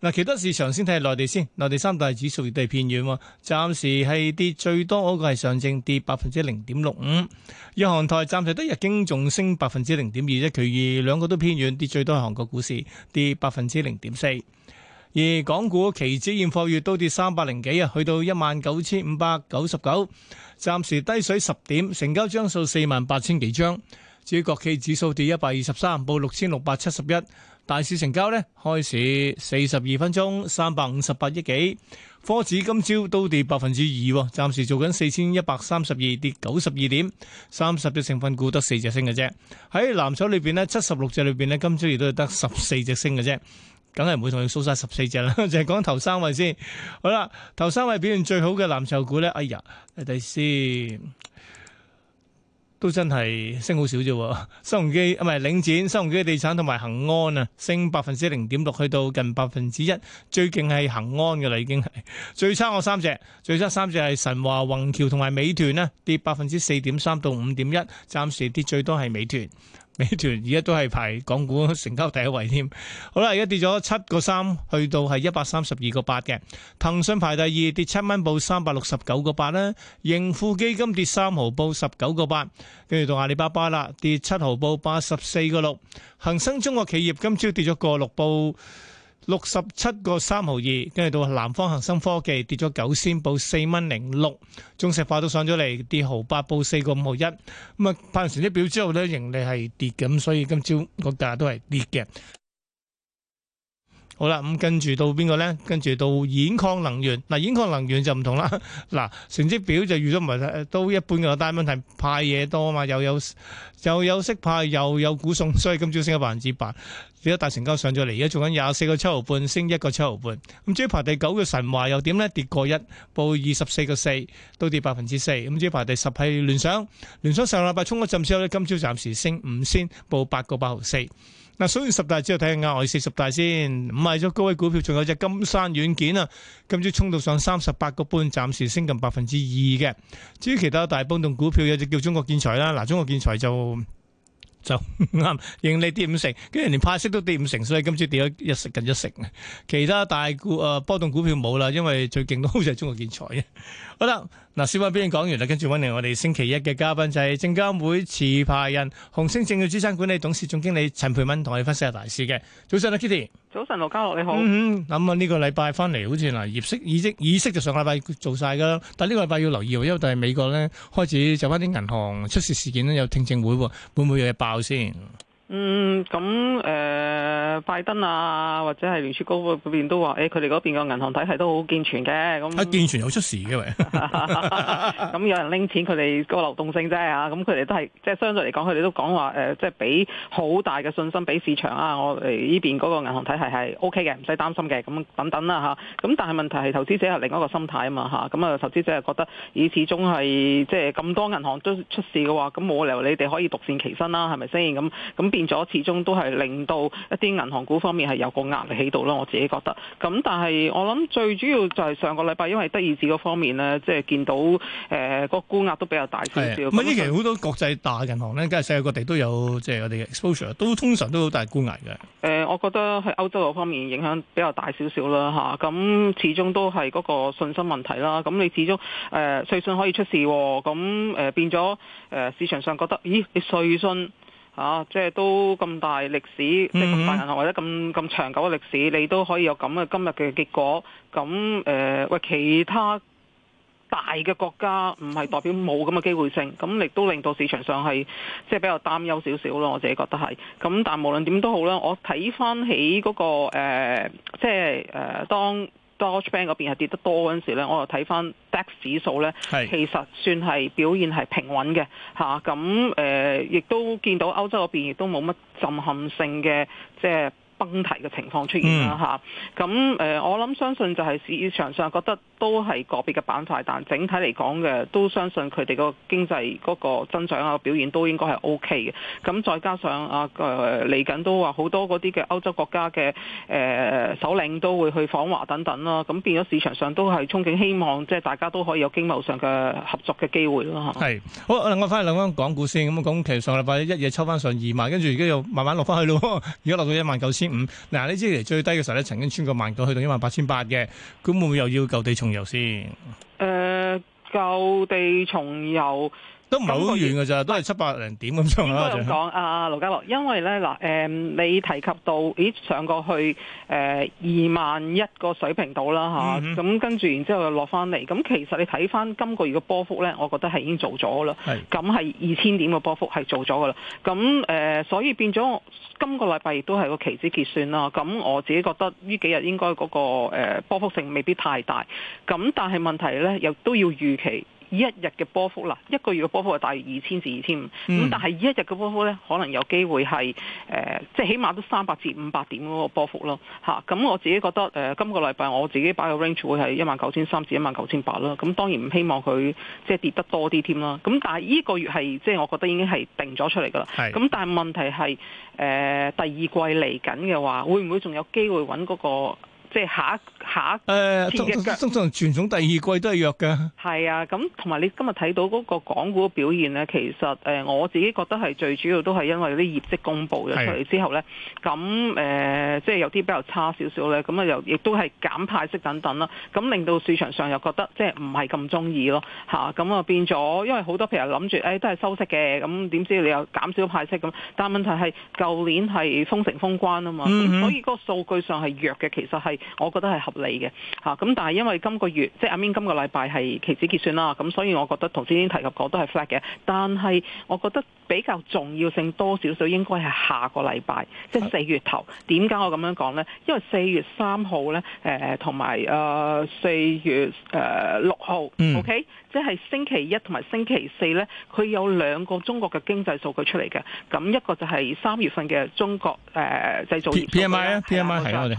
嗱，其他市場先睇下內地先，內地三大指數亦都係偏軟喎，暫時係跌最多嗰個係上證跌百分之零點六五，日韓台暫時得日經仲升百分之零點二啫，其餘兩個都偏軟，跌最多係韓國股市跌百分之零點四，而港股期指現貨月都跌三百零幾啊，去到一萬九千五百九十九，暫時低水十點，成交張數四萬八千幾張，至於國企指數跌一百二十三，報六千六百七十一。大市成交咧，開始四十二分鐘，三百五十八億幾。科指今朝都跌百分之二，暫時做緊四千一百三十二，跌九十二點。三十隻成分股得四隻升嘅啫。喺藍籌裏邊呢，七十六隻裏邊呢，今朝亦都係得十四隻升嘅啫。梗係唔會同佢數晒十四隻啦，淨係講頭三位先。好啦，頭三位表現最好嘅藍籌股咧，哎呀，嚟睇先。都真係升好少啫，新鴻基唔係領展，新鴻基地產同埋恒安啊，升百分之零點六，去到近百分之一，最勁係恒安噶啦，已經係最差我三隻，最差三隻係神華、宏橋同埋美團咧，跌百分之四點三到五點一，暫時跌最多係美團。美團而家都係排港股成交第一位添，好啦，而家跌咗七個三，去到係一百三十二個八嘅。騰訊排第二，跌七蚊報三百六十九個八啦。盈富基金跌三毫報十九個八。跟住到阿里巴巴啦，跌七毫報八十四個六。恒生中國企業今朝跌咗個六，報。六十七個三毫二，跟住到南方恒生科技跌咗九仙，報四蚊零六。中石化都上咗嚟，跌毫八，報四個五毫一。咁啊，派完成績表之後咧，盈利係跌嘅，咁所以今朝個價都係跌嘅。好啦，咁跟住到邊個咧？跟住到兗礦能源，嗱、啊、兗礦能源就唔同啦，嗱、啊、成績表就預咗唔係都一般嘅， 但係問題派嘢多啊嘛，又有又有息派，又有股送，所以今朝升咗百分之八，有一、這個、大成交上咗嚟，而家做緊廿四個七毫半，升一個七毫半。咁、嗯、至於排第九嘅神華又點咧？跌過一，報二十四個四，都跌百分之四。咁、嗯、至於排第十係聯想，聯想上個禮拜衝咗浸之後咧，今朝暫時升五仙，報八個八毫四。嗱，數完十大之後睇下額外四十大先，唔係咗高位股票，仲有隻金山軟件啊，今朝衝到上三十八個半，暫時升近百分之二嘅。至於其他大波動股票，有隻叫中國建材啦，嗱，中國建材就就啱 盈利跌五成，跟住連派息都跌五成，所以今朝跌咗一成近一成。其他大股啊波動股票冇啦，因為最勁都好似係中國建材嘅，好啦。嗱，小巴先講完啦，跟住揾嚟我哋星期一嘅嘉賓就係證監會持牌人，紅星證券資產管理董事總經理陳蓓敏同我哋分析下大事嘅。早晨，Kitty。早晨，羅嘉樂你好。嗯哼，咁、嗯、啊，呢、嗯這個禮拜翻嚟好似嗱，業績、議息、議息就上個禮拜做晒噶啦，但係呢個禮拜要留意喎，因為就係美國咧開始就翻啲銀行出事事件咧，有聽證會喎，會唔會有嘢爆先？嗯，咁誒、呃，拜登啊，或者係聯儲局嗰邊都話，誒、欸，佢哋嗰邊個銀行體系都好健全嘅，咁，健全又出事嘅喎，咁 有人拎錢，佢哋個流動性啫。係咁佢哋都係、呃，即係相對嚟講，佢哋都講話誒，即係俾好大嘅信心俾市場啊，我哋呢邊嗰個銀行體系係 O K 嘅，唔使擔心嘅，咁等等啦嚇，咁但係問題係投資者係另一個心態嘛啊嘛嚇，咁啊投資者係覺得，以始終係即係咁多銀行都出事嘅話，咁冇理由你哋可以獨善其身啦，係咪先？咁、嗯、咁。嗯嗯嗯嗯嗯嗯嗯變咗，始終都係令到一啲銀行股方面係有個壓力喺度咯。我自己覺得。咁但係我諗最主要就係上個禮拜，因為德意志個方面呢，即係見到誒個沽壓都比較大少少。咁依的、嗯、期好多國際大銀行呢，梗係世界各地都有，即係我哋 exposure，都通常都好大沽壓嘅。誒、呃，我覺得喺歐洲個方面影響比較大少少啦嚇。咁、啊、始終都係嗰個信心問題啦。咁、啊、你始終誒瑞、呃、信可以出事，咁、啊、誒變咗誒、呃、市場上覺得，咦，你瑞信？啊，即係都咁大歷史，mm hmm. 即係咁大銀行或者咁咁長久嘅歷史，你都可以有咁嘅今日嘅結果。咁誒，喂、呃呃，其他大嘅國家唔係代表冇咁嘅機會性，咁亦都令到市場上係即係比較擔憂少少咯。我自己覺得係。咁但係無論點都好啦，我睇翻起嗰、嗰個、呃、即係誒、呃、當。Deutsche Bank 嗰邊係跌得多嗰陣時咧，我又睇翻 DAX 指數咧，其實算係表現係平穩嘅吓。咁誒亦都見到歐洲嗰邊亦都冇乜震撼性嘅即係崩堤嘅情況出現啦吓，咁誒、嗯啊呃、我諗相信就係市場上覺得。都係個別嘅板塊，但整體嚟講嘅都相信佢哋個經濟嗰個增長啊表現都應該係 OK 嘅。咁再加上啊，誒嚟緊都話好多嗰啲嘅歐洲國家嘅誒、呃、首領都會去訪華等等啦。咁變咗市場上都係憧憬希望，即係大家都可以有經貿上嘅合作嘅機會咯。係好，我翻去兩分鐘講股先。咁啊，其實上禮拜一夜抽翻上二萬，跟住而家又慢慢落翻去咯。而家落到一萬九千五。嗱、啊，呢支嚟最低嘅時候咧，曾經穿過萬九，去到一萬八千八嘅。咁會唔會又要舊地重遊先，誒、uh，舊地重遊。都唔係好遠㗎咋，都係七百零點咁樣啦。講啊，盧家樂，因為咧嗱誒，你提及到咦上過去誒、呃、二萬一個水平度啦嚇，咁、啊嗯嗯、跟住然之後又落翻嚟，咁、嗯、其實你睇翻今個月嘅波幅咧，我覺得係已經做咗啦。咁係二千點嘅波幅係做咗㗎啦。咁、嗯、誒、呃，所以變咗今個禮拜亦都係個期指結算啦。咁、嗯、我自己覺得呢幾日應該嗰、那個、呃、波幅性未必太大。咁、嗯、但係問題咧，又都要預期。一日嘅波幅啦，一個月嘅波幅係大約二千至二千五，咁但係一日嘅波幅咧，可能有機會係誒、呃，即係起碼都三百至五百點嗰個波幅咯，嚇、啊！咁、嗯、我自己覺得誒、呃，今個禮拜我自己擺個 range 會係一萬九千三至一萬九千八啦，咁、嗯、當然唔希望佢即係跌得多啲添啦，咁但係呢個月係即係我覺得已經係定咗出嚟噶啦，咁是但係問題係誒、呃、第二季嚟緊嘅話，會唔會仲有機會揾嗰、那個？即係下一下一次嘅，通常傳統、呃、第二季都係弱嘅。係啊，咁同埋你今日睇到嗰個港股嘅表現咧，其實誒、呃、我自己覺得係最主要都係因為啲業績公布咗出嚟之後咧，咁誒、啊呃、即係有啲比較差少少咧，咁啊又亦都係減派息等等啦，咁令到市場上又覺得即係唔係咁中意咯嚇，咁啊變咗，因為好多譬如諗住誒都係收息嘅，咁、嗯、點知你又減少派息咁，但係問題係舊年係封城封關啊嘛，嗯、哼所以嗰個數據上係弱嘅，其實係。我覺得係合理嘅嚇，咁、啊、但係因為今個月即係阿 Min 今個禮拜係期指結算啦、啊，咁所以我覺得頭先已經提及過都係 flat 嘅。但係我覺得比較重要性多少少應該係下個禮拜，即係四月頭。點解我咁樣講呢？因為四月三號呢，誒同埋啊四月誒六號，OK、嗯、即係星期一同埋星期四呢，佢有兩個中國嘅經濟數據出嚟嘅。咁一個就係三月份嘅中國誒製造業 P M I 啊，P M I 係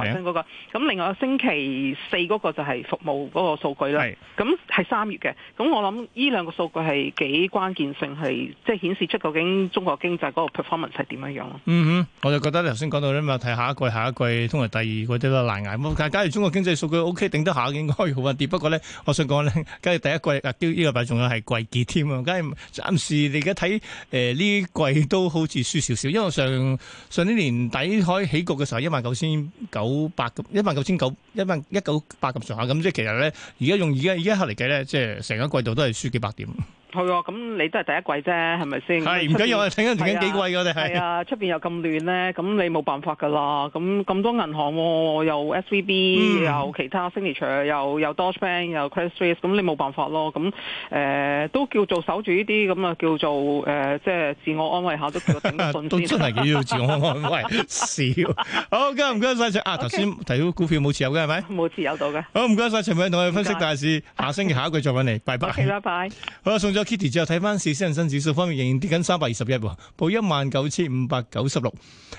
咁。另外星期四嗰個就係服務嗰個數據啦，咁係三月嘅，咁我諗呢兩個數據係幾關鍵性，係即係顯示出究竟中國經濟嗰個 performance 係點樣樣咯。嗯哼，我就覺得你頭先講到呢，咪睇下一季、下一季，通埋第二季都咯難捱。咁假如中國經濟數據 OK，頂得下一應該好穩啲。不過咧，我想講咧，假如第一季阿雕依個季仲有係季結添啊，咁暫時你而家睇誒呢季都好似輸少少，因為上上年年底開起局嘅時候一萬九千九百一萬。九千九一萬一九百咁上下，咁即係其實咧，而家用而家而家一刻嚟計咧，即係成個季度都係輸幾百點。係喎，咁你都係第一季啫，係咪先？係唔緊要，睇緊前景幾貴嘅，我哋係。係啊，出邊又咁亂咧，咁你冇辦法噶啦。咁咁多銀行喎，又 S V B，又其他 Signature，又又 Dodge Bank，又 Credit Suisse，咁你冇辦法咯。咁誒都叫做守住呢啲咁啊，叫做誒即係自我安慰下都叫做頂住先。都真係叫做自我安慰，少好，唔該唔該曬先啊！頭先提到股票冇持有嘅係咪？冇持有到嘅。好唔該曬，陳偉同我哋分析大市，下星期下一個季再揾你，拜拜。拜拜。好，宋總。Kitty，再睇翻市，恒生指數方面，仍然跌緊三百二十一喎，報一萬九千五百九十六。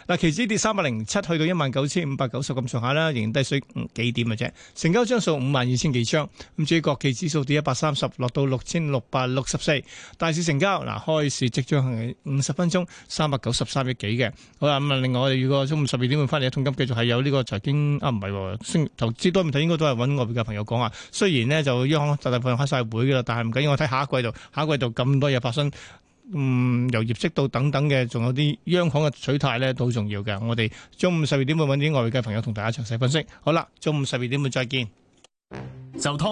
嗱，期指跌三百零七，去到一萬九千五百九十咁上下啦，仍然低水幾點嘅啫。成交張數五萬二千幾張。咁至於國企指數跌一百三十，落到六千六百六十四。大市成交嗱，開市即將係五十分鐘三百九十三億幾嘅。好啦，咁啊，另外我哋如果中午十二點半翻嚟，一桶金繼續係有呢個財經啊，唔係先投資多唔睇，應該都係揾外邊嘅朋友講啊。雖然呢就央行就大部分開曬會嘅啦，但係唔緊要，我睇下一季度。下個季度咁多嘢發生，嗯，由業績到等等嘅，仲有啲央行嘅取態咧都好重要嘅。我哋中午十二點半揾啲外匯嘅朋友同大家詳細分析。好啦，中午十二點半再見，就通。